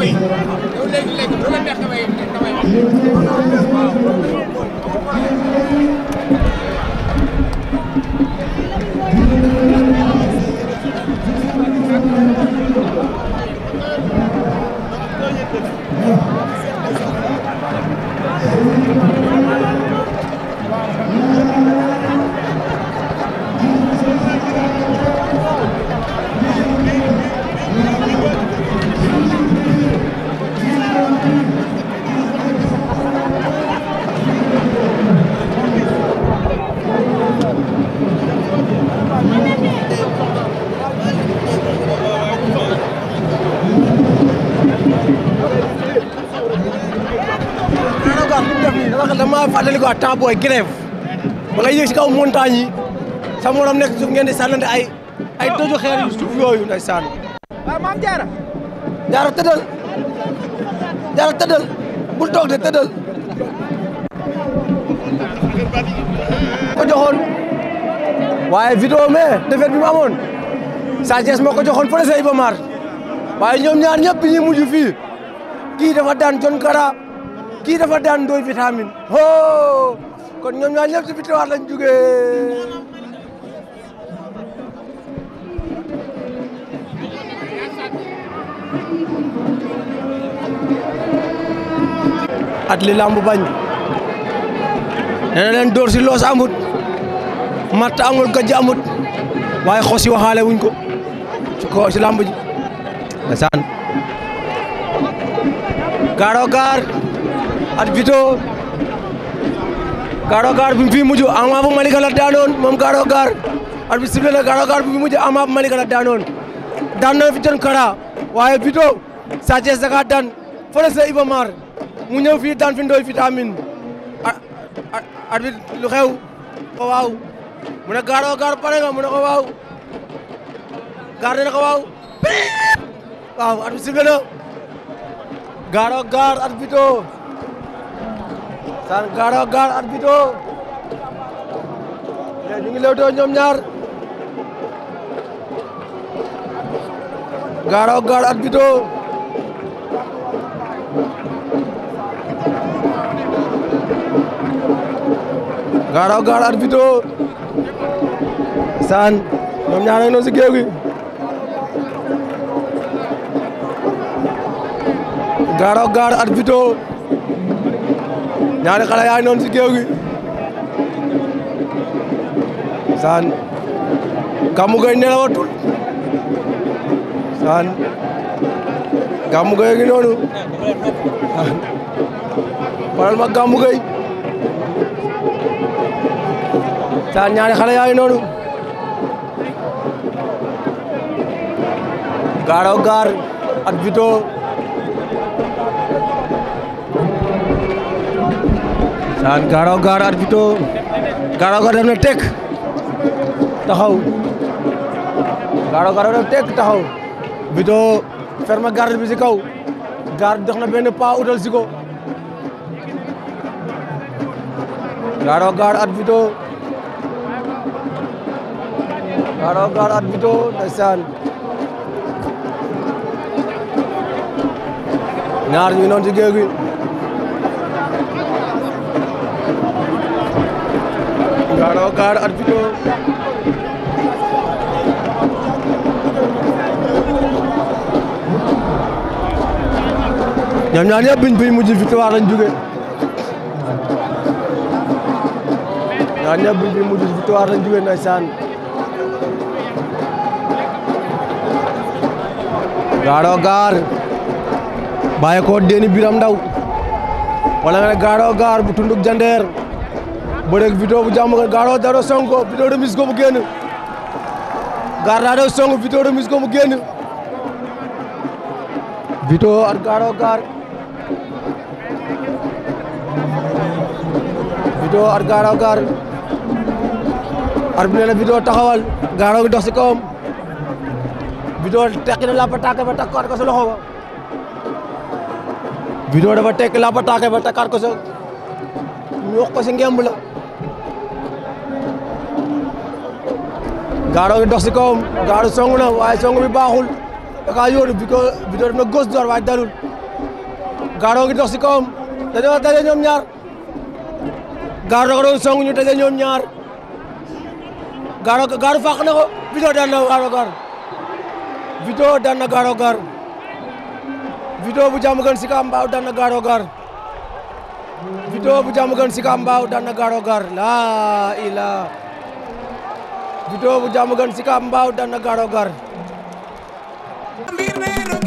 mooy yow léegi léegi lu la neex damay damay wax maa ngi fàttali quoi temps booy grève ba nga yéeg si kaw montagne yi sa morom ay dojo xeer yu suuf yooyu ndeysaan. waaw maam Diarra. Diarra toog de tëddal. ko joxoon waaye vidéo mais defet bi mu Sa Thiès moo ko joxoon fële sa Mar waaye ñoom ñaar ñëpp ñi mujj fii kii dafa daan John Kara. kii dafa daan ndoy vitamine ho kon ñoom ñaar ñëpp ci victoire lañ jugee at li lamb bañ dana leen dóor si loos amut matt amul gajj amut waaye xosi waxaale wuñ ko ci ko si lamb ji gaaro gaar at Vito Garo wa bi mu fi mujj Ama bu Malika la daanoon moom Garo Gare at bi sifflé na Garo Gare bi mu mujj Ama bu Malika la daanoon daan na fi ten kara waaye Vito Sa Thiès daka daan fële sa Iba Mar mu ñëw fii daan fi ndoy vitamine at bi lu xew waaw mu ne Garo Gare pare nga mu waaw Gare ne ko waaw waaw at bi sifflé na Garo Gare at Vito saan gaara gaar arbito ñu ngi lewtoo ñoom ñaar gaara gaar arbito gaara gaar arbito saan ñoom ñaar ngi noonu si géew gi gaara ñaari xale yaa ngi noonu si géew gi saan Gamou Gueye nelawatul saan Gamou Gueye gi noonu xoolal ma Gamou Gueye saan ñaari xale yaa ngi noonu gaaro gaar ak Vito saan gaaraw gaar arbito gaaraw gaar def na tek taxaw gaaraw gaar def na tek taxaw bito ferme gaar bi si kaw gaar dox na benn pas utal si ko gaaraw gaar arbito gaaraw gaar arbito ndeysaan ñaar noon ci géew gi Dakar Arbitre ñoom ñaar ñëpp biñ biñ mujj victoire lañ jóge ñaar ñëpp biñ biñ mujj victoire lañ gaar bàyyi ko deeni biram ndaw wala nga ne gaaro gaar bu tunduk jandeer bëreeg vidéo bu jàmm gan Garo Dado Sonko vidéo ko mu génn Garo Sonko vidéo remise ko mu génn vidéo ak Garo Gar vidéo ak Garo Gar ar bi nee na vidéo taxawal Garo ngi dox si kawam vidéo tekki na làmpa tàkke ba takkaat ko sa loxo ba vidéo dafa tekki làmpa tàkke ba takkaat ko sa ñu ko si ngemb Gaaro gi dox si kawam waaye song bi baaxul da kaa yóoru bi ko bi ko def waaye dalul Gaaro gi dox si kawam dañoo daje ñoom ñaar Gaaro da daje ñoom ñaar Gaaro Gaaro fàq ko Vito daan na Gaaro bu jàmm gën si ka mbaaw daan na bu jàmm gën si ka mbaaw daan laa ilaa du doomu jàmm gan si ka mbaaw dana garo gar